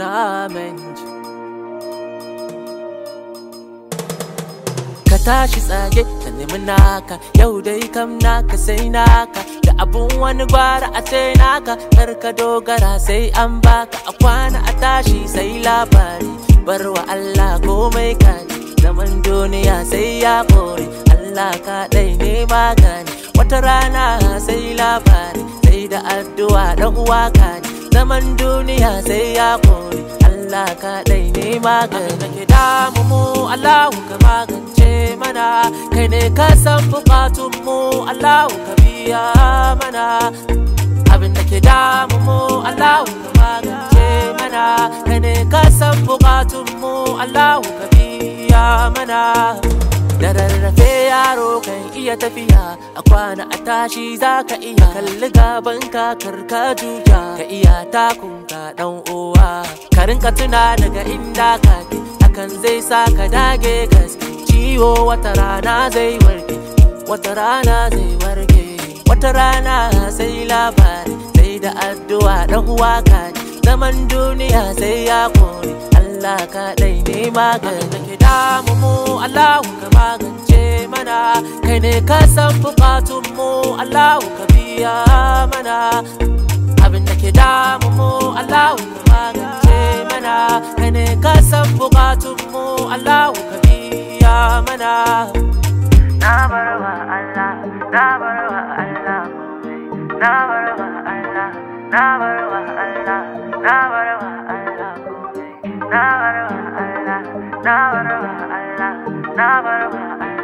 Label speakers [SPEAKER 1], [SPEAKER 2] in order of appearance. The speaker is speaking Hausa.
[SPEAKER 1] na mance ka tashi tsage ta nemi naka yau dai kam naka sai naka da abun wani gwara a ce naka kar ka dogara sai an baka a kwana a tashi sai labari barwa Allah komai kaji zaman duniya sai ya kore Allah ka dai ne magani wata rana sai labari sai da addu'a da uwa zaman duniya sai ya kori Allah ka dai ne magani da ke damu mu Allah ka magance mana kai ne ka san bukatun mu Allah ka biya mana abin da ke damu mu Allah ka magance mana kai ne ka san bukatun mu Allah ka biya mana da rarrafe yaro kan iya tafiya a kwana a tashi za ka iya kalli gaban ka karka juya ka iya takun ka dan uwa ka rinka tuna daga inda ka ke hakan zai sa ka dage gaske ciwo wata rana zai warke wata rana zai warke wata rana sai labari sai da addu'a dan uwa ka zaman duniya sai ya kore Allah ka dai ne magani damu mu Allahu ka magance mana kai ne ka san bukatun mu Allahu ka biya mana abin da ke damu mu Allahu ka magance mana kai ne ka san bukatun mu Allahu ka biya mana na barwa Allah na barwa Allah na barwa Allah na barwa Allah na barwa Allah na barwa نعم نعم